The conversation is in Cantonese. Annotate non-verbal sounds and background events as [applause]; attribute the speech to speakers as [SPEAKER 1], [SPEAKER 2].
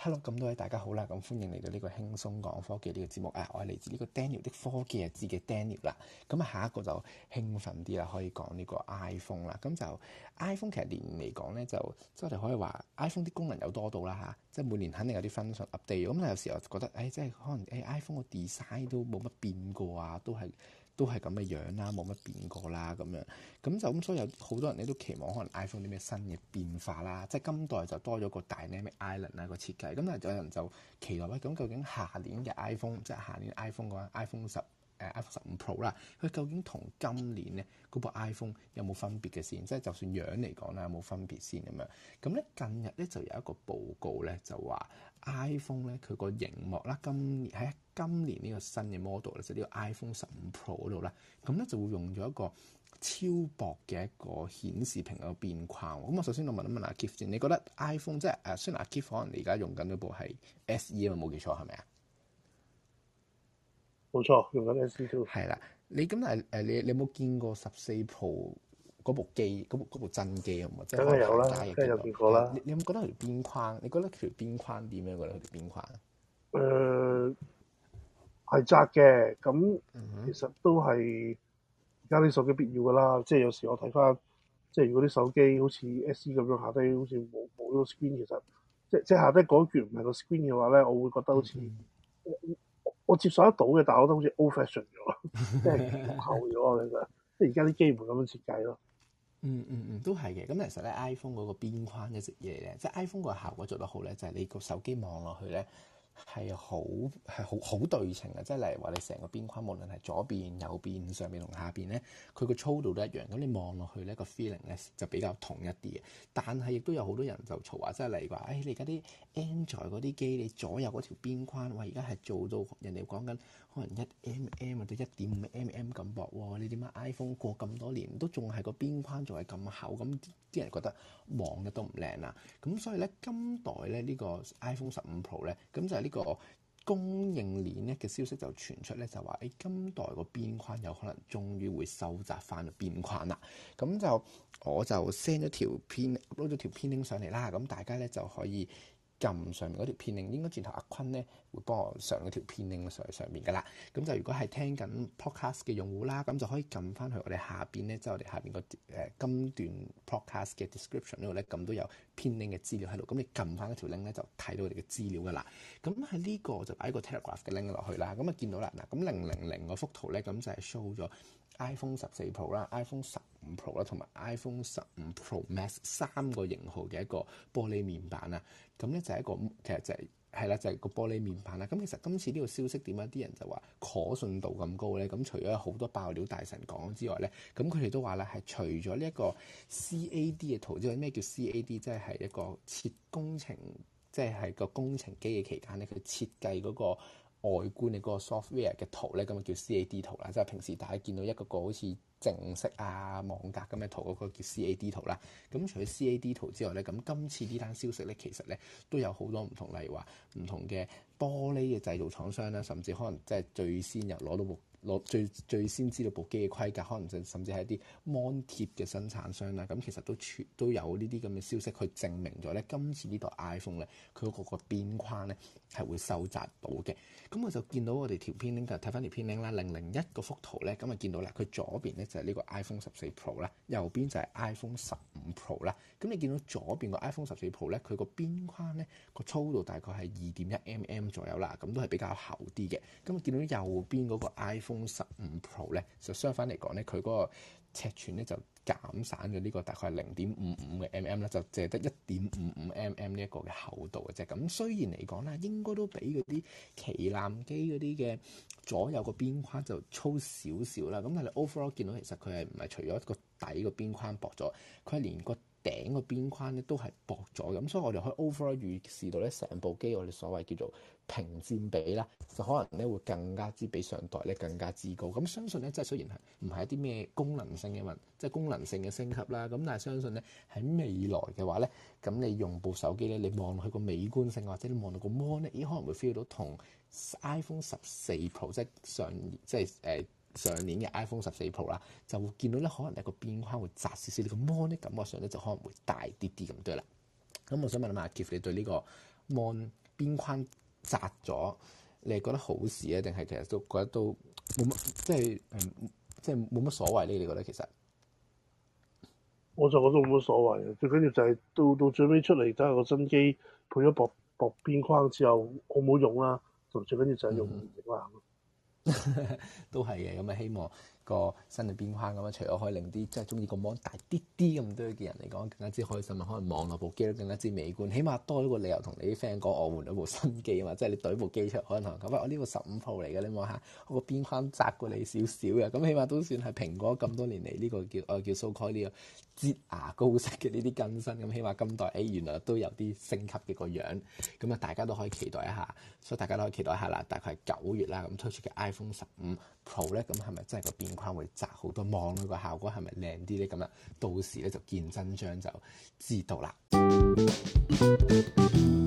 [SPEAKER 1] Hello，咁多位大家好啦，咁歡迎嚟到呢、這個輕鬆講科技呢、這個節目，誒、啊，我係嚟自呢個 Daniel 的科技日誌嘅 Daniel 啦。咁啊，下一個就興奮啲啦，可以講呢個 iPhone 啦。咁就 iPhone 其實年嚟講咧，就即係我哋可以話 iPhone 啲功能有多到啦吓、啊，即係每年肯定有啲分寸 update。咁有時候覺得誒、哎，即係可能誒、哎、，iPhone 個 design 都冇乜變過啊，都係。都係咁嘅樣啦，冇乜變過啦咁樣，咁就咁所以有好多人咧都期望可能 iPhone 啲咩新嘅變化啦，即係今代就多咗個 Dynamic Island 啊個設計，咁但係有人就期待咧，咁究竟下年嘅 iPhone，即係下年 iPhone 嘅 iPhone 十。誒 iPhone 十五 Pro 啦，佢究竟同今年咧部 iPhone 有冇分別嘅先？即係就算樣嚟講啦，有冇分別先咁樣？咁咧近日咧就有一個報告咧就話 iPhone 咧佢個熒幕啦，今年喺今年呢個新嘅 model 咧，就呢個 iPhone 十五 Pro 嗰度啦，咁咧就會用咗一個超薄嘅一個顯示屏嘅邊框。咁我首先我問一問阿 Kif 先，你覺得 iPhone 即係誒雖然阿 Kif 可能你而家用緊嗰部係 SE 啊冇記錯係咪啊？冇錯，用緊 SE 2。係啦，你咁誒誒，你你有冇見過十四 Pro 嗰部機，嗰部嗰部真機啊？咁啊有啦，梗係部有見過啦。你有冇覺得條邊框？你覺得條邊框點樣？覺得條邊框？誒、呃，係窄嘅。咁、嗯、哼其實都係而家啲手機必要噶啦。即係有時我睇翻，即係如果啲手機好似 S E 咁樣下低，好似冇冇咗個 screen，其實即即下低嗰橛唔係個 screen 嘅話咧，我會覺得好似。嗯我接受得到嘅，但係我都好似 old fashion 咗，即係老舊咗。其實，即係而家啲機唔係咁樣設計咯。嗯嗯嗯，都係嘅。咁其實咧，iPhone 嗰個邊框嗰隻嘢咧，即係 iPhone 個效果做得好咧，就係、是、你個手機望落去咧。係好係好好對稱嘅，即係例如話你成個邊框，無論係左邊、右邊、上邊同下邊咧，佢個粗度都一樣。咁你望落去咧，個 feeling 咧就比較同一啲嘅。但係亦都有好多人就嘈話，即係例如話，誒、哎、你而家啲 Android 嗰啲機，你左右嗰條邊框，喂，而家係做到人哋講緊可能一 mm 或者一點五 mm 咁薄，你點解 iPhone 過咁多年都仲係個邊框仲係咁厚？咁啲人覺得望嘅都唔靚啦。咁所以咧，今代咧呢、這個 iPhone 十五 Pro 咧，咁就是、～呢個供應鏈咧嘅消息就傳出咧，就話，誒今代個邊框有可能終於會收窄翻個邊框啦。咁就我就 send 咗條 pin，攞咗條 pin 拎上嚟啦。咁大家咧就可以。撳上面嗰條片 link，應該轉頭阿坤咧會幫我上嗰條片 link 上去上面噶啦。咁就如果係聽緊 podcast 嘅用戶啦，咁就可以撳翻去我哋下邊咧，即係我哋下邊個誒今段 podcast 嘅 description 嗰度咧，撳都有片 link 嘅資料喺度。咁你撳翻嗰條 link 咧，就睇到我哋嘅資料噶啦。咁喺呢個就擺個 telegraph 嘅 link 落去啦。咁啊見到啦嗱，咁零零零嗰幅圖咧，咁就係 show 咗。iPhone 十四 Pro 啦、iPhone 十五 Pro 啦、同埋 iPhone 十五 Pro Max 三個型號嘅一個玻璃面板啊，咁咧就係一個其實就係係啦，就係個玻璃面板啦。咁其實今次呢個消息點解啲人就話可信度咁高咧？咁除咗好多爆料大神講之外咧，咁佢哋都話啦，係除咗呢一個 CAD 嘅圖之外，咩叫 CAD？即係係一個設工程，即係係個工程機嘅期間咧，佢設計嗰個。外觀嘅嗰個 software 嘅圖咧，咁啊叫 CAD 圖啦，即係平時大家見到一個個好似正式啊網格咁嘅圖嗰、嗰個叫 CAD 圖啦。咁除咗 CAD 圖之外咧，咁今次呢單消息咧，其實咧都有好多唔同，例如話唔同嘅玻璃嘅製造廠商啦，甚至可能即係最先入攞到部。攞最最先知道部機嘅規格，可能就甚至係一啲 Mon 貼嘅生產商啦。咁其實都都有呢啲咁嘅消息去證明咗咧，今次呢台 iPhone 咧，佢嗰個邊框咧係會收窄到嘅。咁我就見到我哋條片咧，就睇翻條片咧啦。零零一個幅圖咧，咁啊見到啦，佢左邊咧就係呢個 iPhone 十四 Pro 啦，右邊就係 iPhone 十。五 Pro 啦，咁你見到左邊個 iPhone 十四 Pro 咧，佢個邊框咧個粗度大概係二點一 mm 左右啦，咁都係比較厚啲嘅。咁見到右邊嗰個 iPhone 十五 Pro 咧，就相反嚟講咧，佢嗰個尺寸咧就減散咗呢個大概零點五五嘅 mm 啦，就淨係得一點五五 mm 呢一個嘅厚度嘅啫。咁雖然嚟講啦，應該都比嗰啲旗艦機嗰啲嘅左右個邊框就粗少少啦。咁但係 overall 見到其實佢係唔係除咗個底個邊框薄咗，佢係連個頂個邊框咧都係薄咗，咁、嗯、所以我哋可以 overall 預示到咧，成部機我哋所謂叫做屏佔比啦，就可能咧會更加之比上代咧更加之高。咁、嗯、相信咧，即係雖然係唔係一啲咩功能性嘅問，即係功能性嘅升級啦，咁但係相信咧喺未來嘅話咧，咁你用部手機咧，你望落去個美觀性或者你望到個 mon 咧，咦可能會 feel 到同 iPhone 十四 Pro 即係上即係誒。呃上年嘅 iPhone 十四 Pro 啦，就會見到咧，可能咧個邊框會窄少少，呢個芒咧感覺上咧就可能會大啲啲咁多啦。咁、嗯、我想問下啊 Jeff 你對呢個芒邊框窄咗，你係覺得好事啊，定係其實都覺得都冇乜，即係即係冇乜所謂呢？你覺得其實？我就覺得冇乜所謂，最緊要就係到到最尾出嚟得個新機，配咗薄薄邊框之後好唔好用啦？同最緊要就係用 [laughs] 都係嘅，咁啊希望。個新嘅邊框咁樣，除咗可以令啲即係中意個芒大啲啲咁多嘅人嚟講更加之開心啊，可能望落部機都更加之美觀，起碼多咗個理由同你啲 friend 講我換咗部新機啊嘛，即係你懟部機出可能咁喂、哎、我呢部十五 Pro 嚟嘅，你望下我個邊框窄過你少少嘅，咁起碼都算係蘋果咁多年嚟呢、這個叫我、呃、叫 so call 呢個唧牙膏式嘅呢啲更新，咁起碼今代誒原來都有啲升級嘅個樣，咁啊大家都可以期待一下，所以大家都可以期待一下啦，大概係九月啦咁推出嘅 iPhone 十五 Pro 咧，咁係咪真係個邊框會窄好多網，望佢個效果係咪靚啲咧？咁樣到時咧就見真章就知道啦。 [music]